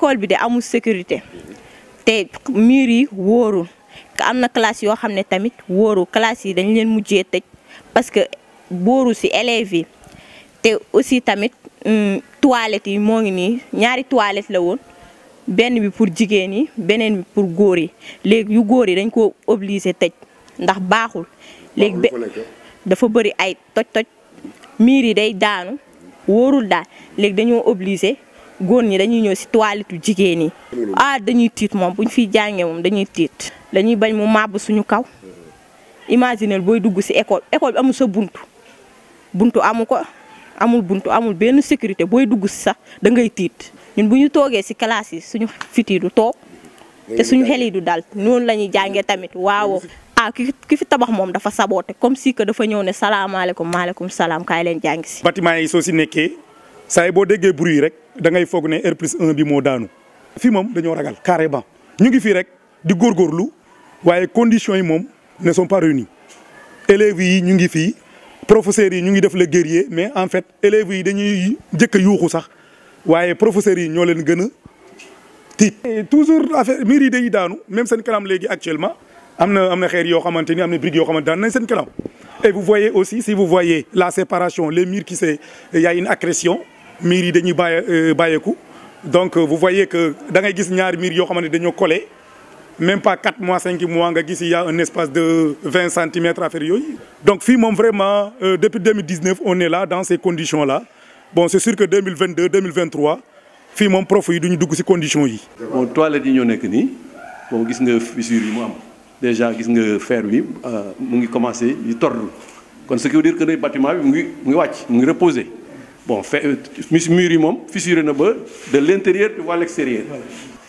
école bi de amul sécurité te miir yi wóorul am na classe yoo xam ne tamit wóorul classe yi dañ leen mujjee tëj parce que bóoru ci élèves yi te aussi tamit toilette yi moo ngi nii ñaari toilette la woon benn bi pour jigéen yi beneen bi pour góor yi léegi yu góor yi dañ ko obligé tëj ndax baaxul léegi be dafa bëri ay toj toj miir yi day daanu wóorul daal léegi dañoo obligé góor ñi dañuy ñëw si toilette jigéen yi ah dañuy tiit moom bu ñu fiy jàngee moom dañuy tiit dañuy bañ mu màbb suñu kaw mm-hmm. imaginel booy dugg si école école amul sa bunt buntu amu ko amul buntu amul benn sécurité booy dugg si sax da ngay tiit ñun bu ñu toogee si classe yi suñu fit yi du toog mm-hmm. te suñu xel daal du dal la ñuy jàngee tamit waaw mm-hmm. ah ki fi tabax moom dafa saboote comme si que dafa ñëw ne salaamaaleykum maaleykum salaam kaay leen jàngi si. bâtiment yi soo si nekkee. Ça yi boo déggee bruit yi rek da ngay foog ne R plus 1 bi moo daanu. fii moom dañoo ragal carrément ñu ngi fii rek di góorgóorlu waaye conditions yi ne sont pas réunies élèves yi ñu ngi fii professeurs yi ñu ngi def le guerrier mais en fait élèves yi dañuy njëkk a yuuxu sax waaye professeurs yi ñoo leen gën toujours affaire de yi day daanu même seen kanam léegi actuellement am na am na xeer yoo xamante ni am na brique et vous voyez aussi si vous voyez la séparation les murs qui se il y a une accrétion miir yi dañuy baye euh, bayeku donc euh, vous voyez que da ngay gis ñaar mur yo xamante même pas 4 mois 5 mois nga gis y a un espace de 20 cm affaire yoy donc vraiment euh, depuis 2019 on est là dans ces conditions là bon c'est sûr que 2022 2023 les profite prof yi duñu dugg ci conditions yi. bon toilettes yi ñoo nek ni bon gis nga fissure yi mu am déjà gis nga fer mu ngi commencé di tordre kon ce qui veut dire que bâtiment bi mu ngi ngi reposer bon fe euh, mur yi fissuré na ba de l'intérieur tu vois l'extérieur là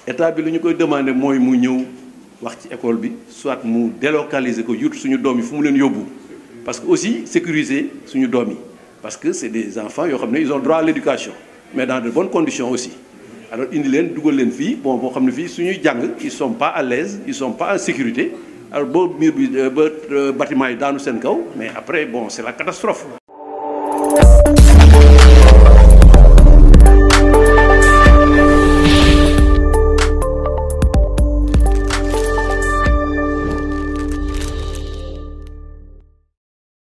état bi lu demander demandé mu wax ci école bi soit mu délocaliser ko suñu fu mu leen parce que aussi sécuriser suñu parce que c'est des enfants yo ils ont droit à l'éducation. mais dans de bonnes conditions aussi alors indi leen duggal leen fi bon bo xamné ne suñuy ils sont pas à l'aise ils sont pas en sécurité alors ils mur bi euh, ba euh, bâtiment yi daanu kaw mais après bon c'est la catastrophe